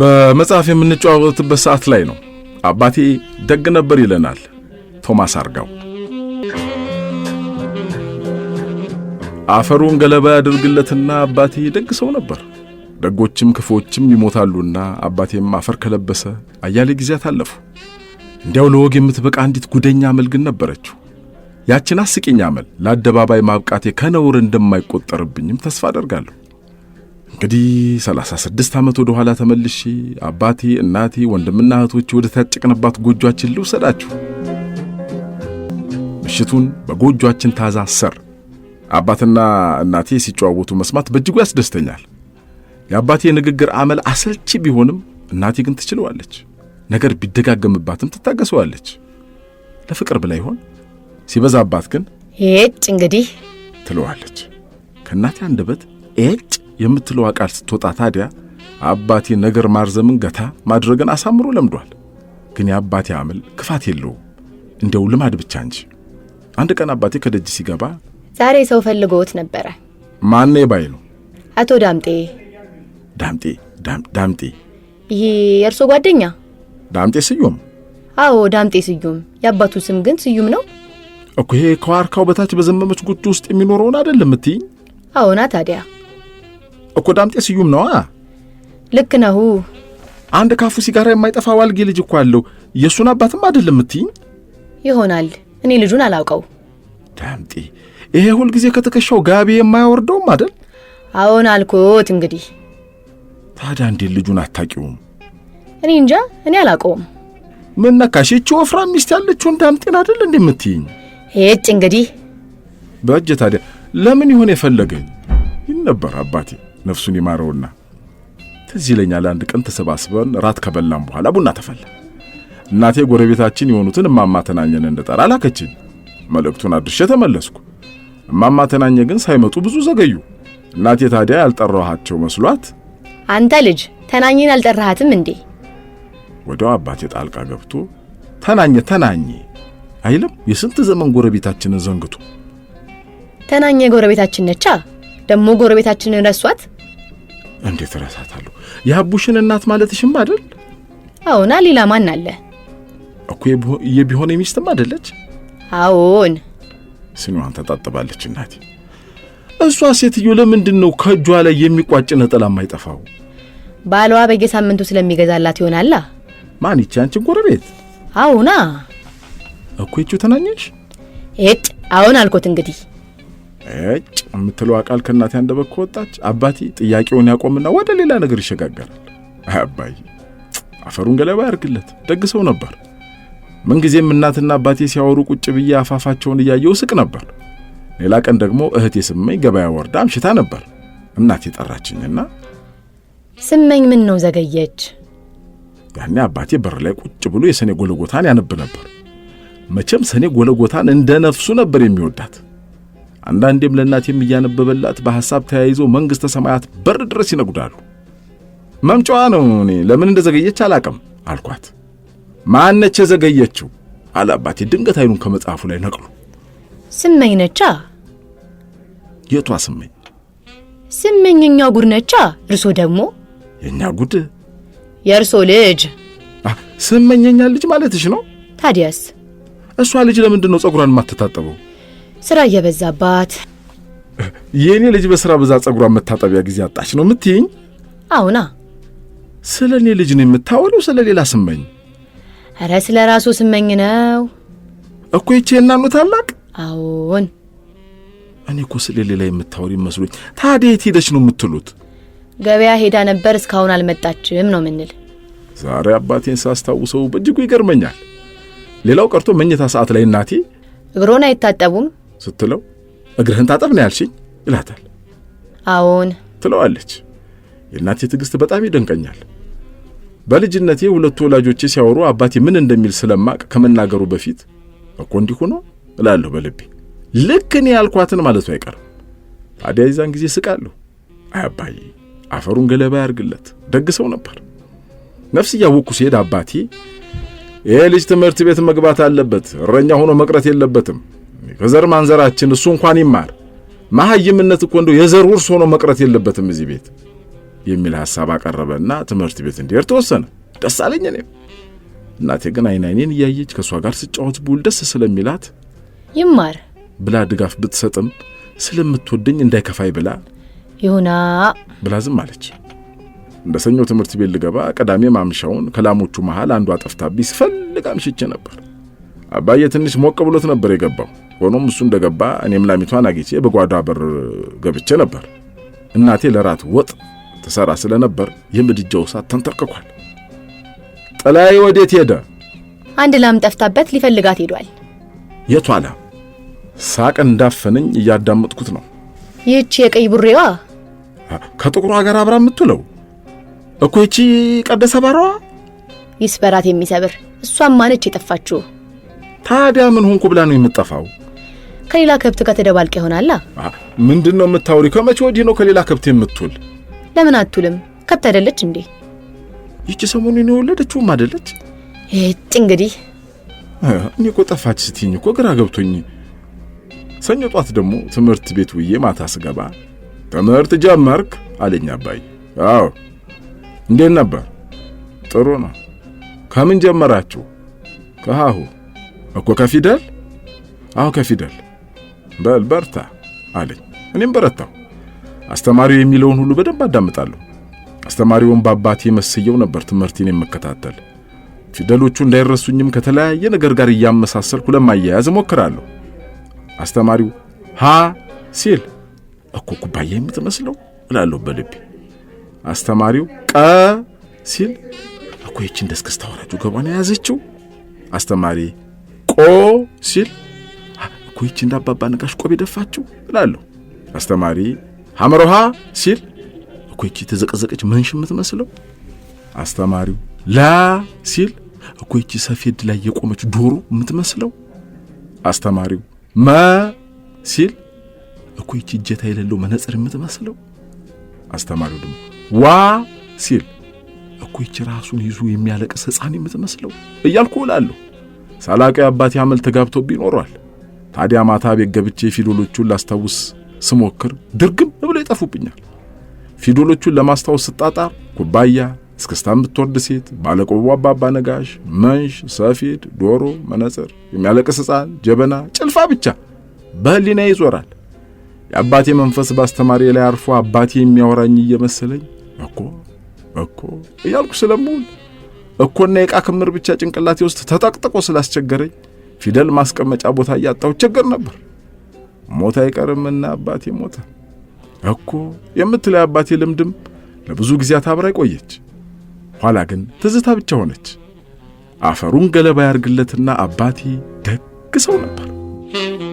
በመጽሐፍ የምንጨዋወትበት ሰዓት ላይ ነው። አባቴ ደግ ነበር ይለናል ቶማስ አርጋው። አፈሩን ገለባ ያድርግለትና አባቴ ደግ ሰው ነበር። ደጎችም ክፎችም ይሞታሉና አባቴም አፈር ከለበሰ አያሌ ጊዜያት አለፉ። እንዲያው ለወግ የምትበቃ አንዲት ጉደኛ አመል ግን ነበረችው። ያችን አስቂኝ አመል ለአደባባይ ማብቃቴ ከነውር እንደማይቆጠርብኝም ተስፋ አደርጋለሁ። እንግዲህ 36 ዓመት ወደ ኋላ ተመልሼ አባቴ፣ እናቴ፣ ወንድምና እህቶቼ ወደ ታጨቅንባት ጎጇችን ልውሰዳችሁ። ምሽቱን በጎጇችን ታዛሰር አባትና እናቴ ሲጨዋወቱ መስማት በእጅጉ ያስደስተኛል። የአባቴ የንግግር አመል አሰልቺ ቢሆንም እናቴ ግን ትችለዋለች። ነገር ቢደጋገምባትም ትታገሰዋለች። ለፍቅር ብላ ይሆን? ሲበዛባት ግን ኤጭ እንግዲህ ትለዋለች። ከእናቴ አንደበት ኤጭ የምትለዋ ቃል ስትወጣ ታዲያ አባቴ ነገር ማርዘምን ገታ ማድረግን አሳምሮ ለምዷል። ግን የአባቴ አምል ክፋት የለውም እንደው ልማድ ብቻ እንጂ። አንድ ቀን አባቴ ከደጅ ሲገባ ዛሬ ሰው ፈልጎት ነበረ። ማነ ባይ ነው? አቶ ዳምጤ። ዳምጤ ዳምጤ ይሄ የእርሶ ጓደኛ ዳምጤ ስዩም? አዎ ዳምጤ ስዩም። የአባቱ ስም ግን ስዩም ነው እኮ። ይሄ ከዋርካው በታች በዘመመች ጉጆ ውስጥ የሚኖረውን አይደለም እምትይኝ? አዎና ታዲያ እኮ ዳምጤ ስዩም ነዋ። ልክ ነው። አንድ ካፉ ሲጋራ የማይጠፋ ዋልጌ ልጅ እኮ አለው። የእሱን አባትም አይደለም እምትይኝ ይሆናል። እኔ ልጁን አላውቀው። ዳምጤ ይሄ ሁልጊዜ ከትከሻው ጋቢ የማያወርደውም አደል? አዎን አልኮት። እንግዲህ ታዲያ እንዴት ልጁን አታውቂውም? እኔ እንጃ፣ እኔ አላውቀውም። ምን ነካሽ? ይቺ ወፍራም ሚስት ያለችውን ዳምጤን አደል እንዴ የምትይኝ? ሄጭ እንግዲህ በእጅ ታዲያ ለምን ይሆን የፈለገኝ ይል ነበር አባቴ ነፍሱን ይማረውና ትዝ ይለኛል አንድ ቀን ተሰባስበን ራት ከበላም በኋላ ቡና ተፈላ። እናቴ ጎረቤታችን የሆኑትን እማማ ተናኘን እንደጠራ ላከችኝ። መልእክቱን አድርሼ ተመለስኩ። እማማ ተናኘ ግን ሳይመጡ ብዙ ዘገዩ። እናቴ ታዲያ ያልጠራኋቸው መስሏት አንተ ልጅ ተናኘን አልጠራሃትም እንዴ? ወዲያው አባቴ ጣልቃ ገብቶ ተናኘ ተናኘ አይለም የስንት ዘመን ጎረቤታችንን ዘንግቶ ተናኘ ጎረቤታችን ነቻ። ደግሞ ጎረቤታችንን ረሷት። እንዴት እረሳታለሁ? የአቡሽን እናት ማለትሽም አይደል? አዎና፣ ሌላ ማን አለ እኮ? የቢሆነ የሚስትም አይደለች? አዎን። ስኒዋን ተጣጥባለች እናቴ። እሷ ሴትዮ ለምንድን ነው ከእጇ ላይ የሚቋጭ ነጠላ የማይጠፋው? ባሏ በየሳምንቱ ስለሚገዛላት ይሆናላ። ማን ይቺ አንቺን ጎረቤት? አዎና እኮ ይቺው ተናኘሽ? ኤጥ አዎን አልኮት እንግዲህ እጭ የምትለው ቃል ከእናቴ አንደበት ከወጣች አባቴ ጥያቄውን ያቆምና ወደ ሌላ ነገር ይሸጋገራል። አባዬ አፈሩን ገለባ ያርግለት፣ ደግ ሰው ነበር። ምንጊዜም እናትና አባቴ ሲያወሩ ቁጭ ብዬ አፋፋቸውን እያየው ስቅ ነበር። ሌላ ቀን ደግሞ እህቴ ስመኝ ገበያ ወርዳ አምሽታ ነበር። እናቴ ጠራችኝና ስመኝ ምን ነው ዘገየች? ያኔ አባቴ በር ላይ ቁጭ ብሎ የሰኔ ጎለጎታን ያነብ ነበር። መቼም ሰኔ ጎለጎታን እንደ ነፍሱ ነበር የሚወዳት። አንዳንዴም ለእናቴም እያነበበላት በሐሳብ ተያይዞ መንግሥተ ሰማያት በር ድረስ ይነጉዳሉ። መምጫዋ ነው። እኔ ለምን እንደዘገየች አላቅም አልኳት። ማነች የዘገየችው አለ አባቴ ድንገት አይኑን ከመጽሐፉ ላይ ነቅሎ። ስመኝ ነቻ። የቷ ስመኝ? ስመኝ የእኛ ጉድ ነቻ። እርሶ ደግሞ የእኛ ጉድ የእርሶ ልጅ ስመኝ ልጅ ማለትሽ ነው። ታዲያስ እሷ ልጅ ለምንድን ነው ጸጉሯን የማትታጠበው? ስራ እየበዛባት የእኔ ልጅ በስራ ብዛት ጸጉሯን መታጠቢያ ጊዜ አጣች ነው የምትይኝ? አሁና ስለ እኔ ልጅ ነው የምታወለው? ስለ ሌላ ስመኝ? እረ ስለ ራሱ ስመኝ ነው እኮ ይቼ እናኑ ታላቅ። አዎን። እኔ እኮ ስለ ሌላ የምታወሪ መስሎኝ። ታዲያ የት ሄደች ነው የምትሉት? ገበያ ሄዳ ነበር፣ እስካሁን አልመጣችም ነው ምንል። ዛሬ አባቴን ሳስታውሰው በእጅጉ ይገርመኛል። ሌላው ቀርቶ መኝታ ሰዓት ላይ እናቴ እግሮን አይታጠቡም ስትለው እግርህን ታጠብ ነው ያልሽኝ ይላታል። አዎን ትለዋለች። የእናቴ ትግስት በጣም ይደንቀኛል። በልጅነቴ ሁለቱ ወላጆቼ ሲያወሩ አባቴ ምን እንደሚል ስለማቅ ከመናገሩ በፊት እኮ እንዲሁ ነው እላለሁ በልቤ ልክ እኔ ያልኳትን ማለቱ አይቀርም። ታዲያ የዛን ጊዜ ስቃለሁ። አያባዬ አፈሩን ገለባ ያርግለት፣ ደግ ሰው ነበር። ነፍስ እያወቅኩ ሲሄድ አባቴ ይህ ልጅ ትምህርት ቤት መግባት አለበት፣ እረኛ ሆኖ መቅረት የለበትም ከዘር ማንዘራችን እሱ እንኳን ይማር መሐይምነት እኮ እንደው የዘር ውርስ ሆኖ መቅረት የለበትም እዚህ ቤት የሚል ሐሳብ አቀረበና ትምህርት ቤት እንዲሄድ ተወሰነ። ደስ አለኝ እኔም። እናቴ ግን አይን አይኔን እያየች ከእሷ ጋር ስጫወት ብውል ደስ ስለሚላት ይማር ብላ ድጋፍ ብትሰጥም ስለምትወደኝ እንዳይከፋይ ብላ ይሁና ብላ ዝም አለች። እንደ ሰኞ ትምህርት ቤት ልገባ ቅዳሜ ማምሻውን ከላሞቹ መሃል አንዷ ጠፍታብኝ ስፈልግ አምሽቼ ነበር። አባዬ ትንሽ ሞቅ ብሎት ነበር የገባው። ሆኖም እሱ እንደገባ እኔም ላሚቷን አግቼ በጓዳ በር ገብቼ ነበር። እናቴ ለራት ወጥ ትሰራ ስለነበር የምድጃው እሳት ተንተርክኳል። ጥላይ ወዴት ሄደ? አንድ ላም ጠፍታበት ሊፈልጋት ሄዷል። የቷ ላም? ሳቅ እንዳፈነኝ እያዳመጥኩት ነው። ይህቺ የቀይ ቡሬዋ ከጥቁሯ ጋር አብራ የምትውለው እኮ ይቺ ቀደሰ ባሯ ይስበራት የሚሰብር እሷም ማነች የጠፋችሁ? ታዲያ ምን ሆንኩ ብላ ነው የምጠፋው? ከሌላ ከብት ጋር ተደባልቀ ይሆናላ። ምንድን ነው የምታውሪ? ከመቼ ወዲህ ነው ከሌላ ከብት የምትውል? ለምን አትውልም? ከብት አይደለች እንዴ? ይቺ ሰሞኑን የወለደችውም አይደለች? እጭ እንግዲህ እኔ እኮ ጠፋች ስትኝ እኮ ግራ ገብቶኝ። ሰኞ ጧት ደግሞ ትምህርት ቤት ውዬ ማታ ስገባ ትምህርት ጀመርክ አለኝ አባይ። አዎ እንዴት ነበር? ጥሩ ነው። ከምን ጀመራችሁ? ከሀሁ እኮ ከፊደል። አዎ ከፊደል በል በርታ አለኝ። እኔም በረታው አስተማሪው የሚለውን ሁሉ በደንብ አዳምጣለሁ። አስተማሪውን በአባቴ መስየው ነበር ትምህርቴን የምከታተል። ፊደሎቹ እንዳይረሱኝም ከተለያየ ነገር ጋር እያመሳሰልኩ ለማያያዝ እሞክራለሁ። አስተማሪው ሀ ሲል እኮ ኩባያ የምትመስለው እላለሁ በልቤ። አስተማሪው ቀ ሲል እኮ ይችን ደስክስታ ወራጁ ገቧን የያዘችው። አስተማሪ ቆ ሲል እኮ ይቺ እንዳባባ ነቃሽ ቆብ የደፋችው እላለሁ። አስተማሪ ሐመሮሃ ሲል እኮ ይቺ የተዘቀዘቀች መንሽ የምትመስለው። አስተማሪው ላ ሲል እኮ ይቺ ሰፌድ ላይ የቆመች ዶሮ የምትመስለው። አስተማሪው መ ሲል እኮ ይቺ እጀታ የሌለው መነጽር የምትመስለው። አስተማሪው ደግሞ ዋ ሲል እኮ ይቺ ራሱን ይዞ የሚያለቅስ ሕፃን የምትመስለው እያልኩ እላለሁ። ሳላቂ አባቴ አመል ተጋብቶብኝ ኖሯል። ታዲያ ማታ ቤት ገብቼ ፊደሎቹን ላስታውስ ስሞክር ድርግም ብሎ ይጠፉብኛል። ፊደሎቹን ለማስታወስ ስጣጣር ኩባያ፣ እስክስታ የምትወርድ ሴት፣ ባለቆቦ አባባ ነጋሽ፣ መንሽ፣ ሰፌድ፣ ዶሮ፣ መነጽር፣ የሚያለቅስ ሕፃን፣ ጀበና፣ ጭልፋ ብቻ በህሊና ይዞራል። የአባቴ መንፈስ በአስተማሪ ላይ አርፎ አባቴ የሚያወራኝ እየመሰለኝ እኮ እኮ እያልኩ ስለምውል እኮና የዕቃ ክምር ብቻ ጭንቅላቴ ውስጥ ተጠቅጥቆ ስላስቸገረኝ ፊደል ማስቀመጫ ቦታ እያጣው ችግር ነበር። ሞት አይቀርምና አባቴ ሞተ እኮ የምትለው አባቴ ልምድም ለብዙ ጊዜያት አብራይ ቆየች። ኋላ ግን ትዝታ ብቻ ሆነች። አፈሩን ገለባ ያርግለትና አባቴ ደግ ሰው ነበር።